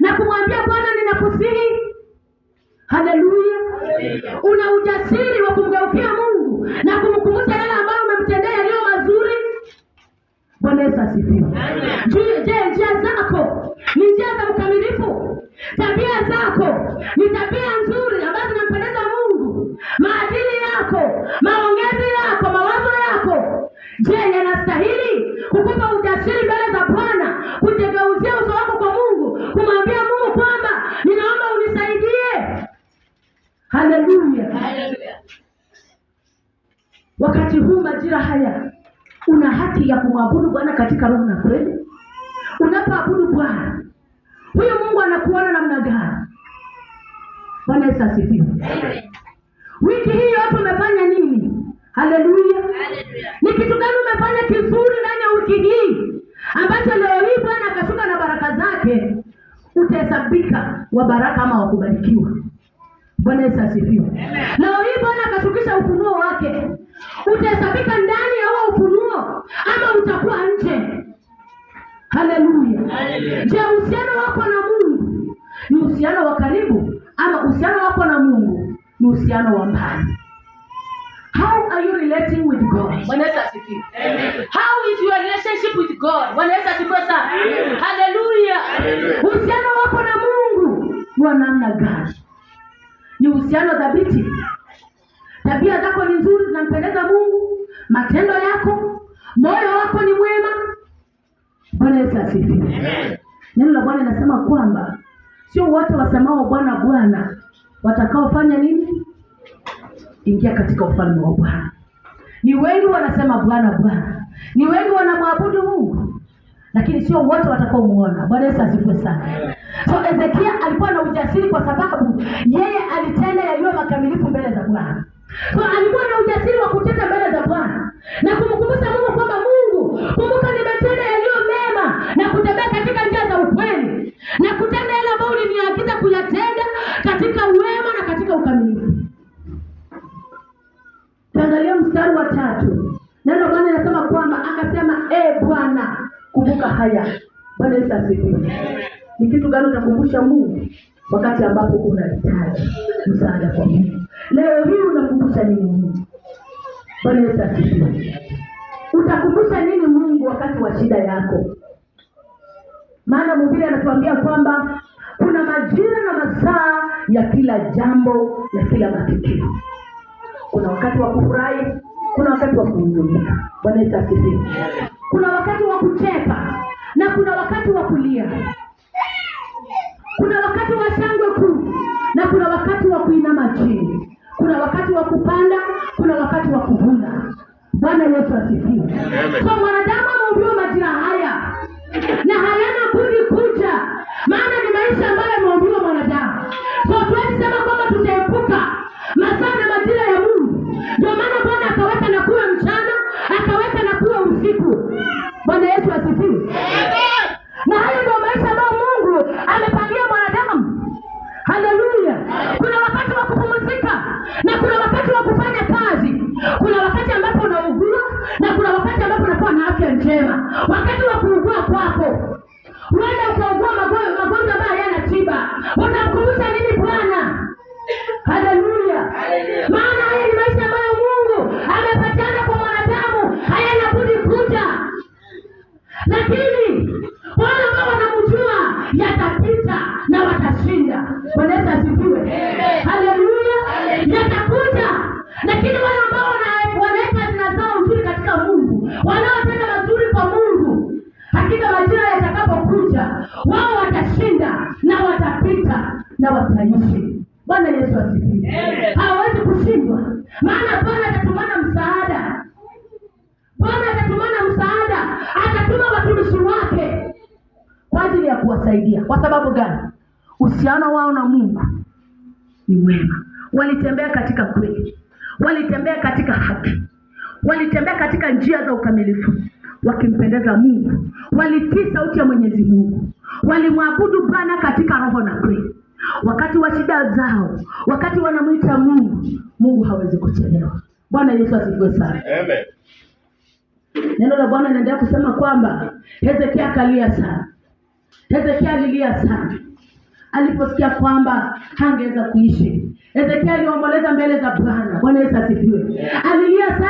na kumwambia Bwana, ninakusihi. Haleluya! una ujasiri wa kumgeukia Mungu na kumkumbusha yale ambayo umemtendea yaliyo mazuri. Bwana Yesu asifiwe. Juu je, njia zako ni njia za ukamilifu? Tabia zako ni tabia nzuri ambazo zinampendeza Mungu? Maadili yako, maongezi yako, mawazo yako, je, yanastahili kukupa ujasiri mbele za Bwana, kujigeuzia uso wako kwa Mungu kumwambia Mungu kwamba ninaomba unisaidie. Haleluya! Wakati huu majira haya, una haki ya kumwabudu Bwana katika roho na kweli. Unapoabudu Bwana, huyo Mungu anakuona namna gani? Bwana Yesu asifiwe. Wiki hii hapo umefanya nini? Haleluya! Ni kitu gani umefanya kizuri ndani ya wiki hii ambacho utahesabika wa baraka ama wakubarikiwa. Bwana Yesu asifiwe. Leo hii Bwana akashukisha ufunuo wake, utahesabika ndani ya huo ufunuo ama utakuwa nje. Haleluya! Je, uhusiano wako na Mungu ni uhusiano wa karibu ama uhusiano wako na Mungu ni uhusiano wa mbali? How are you relating with God? Bwana Yesu asifiwe. Amen. How is your relationship with God? Bwana Yesu asifiwe sana. Haleluya kuwa namna gani? Ni uhusiano dhabiti? Tabia zako ni nzuri, zinampendeza Mungu? Matendo yako, moyo wako ni mwema? Bwana Yesu asifiwe. Neno la Bwana linasema kwamba sio wote wasemao Bwana Bwana watakaofanya nini? Ingia katika ufalme wa Bwana. Ni wengi wanasema Bwana Bwana, ni wengi wanamwabudu Mungu, lakini sio wote watakaomuona. Bwana Yesu asifiwe sana. So ezekia alikuwa na ujasiri kwa sababu yeye alitenda yaliyo makamilifu mbele za Bwana. So alikuwa na ujasiri wa kutenda mbele za Bwana na kumkumbusha Mungu kwamba Mungu, kumbuka nimetenda yaliyo mema na kutembea katika njia za ukweli na kutenda yale ambayo uliniagiza kuyatenda katika wema na katika ukamilifu. Tangalia mstari wa tatu. Neno Bwana anasema kwamba akasema, e Bwana, kumbuka haya. Bwana Yesu asifiwe. Ni kitu gani utakumbusha Mungu wakati ambapo unahitaji msaada kwa Mungu? Leo hii unakumbusha nini Mungu? Bwana Yesu asifiwe. Utakumbusha nini Mungu wakati wa shida yako? Maana mhubiri anatuambia kwamba kuna majira na masaa ya kila jambo na kila matukio. Kuna wakati wa kufurahi, kuna wakati wa kuhuzunika. Bwana Yesu asifiwe. Kuna wakati wa kucheka na kuna wakati wa kulia. kuna wakati wa kuinama chini, kuna wakati wa kupanda, kuna wakati wa kuvuna. Bwana Yesu asifiwe. Kwa mwanadamu ameumbiwa majira haya na hayana budi kuja, maana ni maisha ambayo ameumbiwa mwanadamu. So tuwezi sema kwamba tutaepuka masaa na majira ya Mungu. Ndio maana Bwana akaweka na kuwe mchana, akaweka na kuwe usiku. Bwana Yesu asifiwe. Na hayo ndio maisha ambayo Mungu amepangia mwanadamu. Haleluya na kuna wakati wa kufanya kazi. Kuna wakati ambapo unaugua na kuna wakati ambapo unakuwa na afya njema. Wakati wa kuugua kwako, huenda ukaugua magonjwa ambayo hayana tiba, utamkumbusha nini Bwana? Haleluya! maana na wataishi. Bwana Yesu asifiwe. Hawawezi kushindwa, maana Bwana atatumana msaada. Bwana atatumana msaada, atatuma watumishi wake kwa ajili ya kuwasaidia. Kwa sababu gani? Uhusiano wao na Mungu ni mwema. Walitembea katika kweli, walitembea katika haki, walitembea katika njia za ukamilifu wakimpendeza Mungu, walitii sauti ya Mwenyezi Mungu, walimwabudu Bwana katika roho na kweli wakati wa shida zao, wakati wanamwita Mungu, Mungu hawezi kuchelewa. Bwana Yesu asifiwe sana. Amen. Neno la Bwana linaendelea kusema kwamba Hezekia akalia sana. Hezekia alilia sana aliposikia kwamba hangeweza kuishi. Hezekia aliomboleza mbele za Bwana. Bwana Yesu asifiwe. Alilia sana.